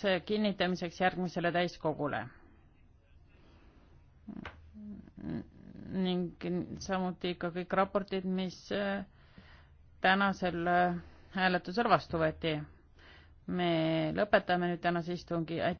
see kinnitamiseks järgmisele täiskogule. ning samuti ka kõik raportid, mis äh, tänasel äh, hääletusel vastu võeti. me lõpetame nüüd tänase istungi.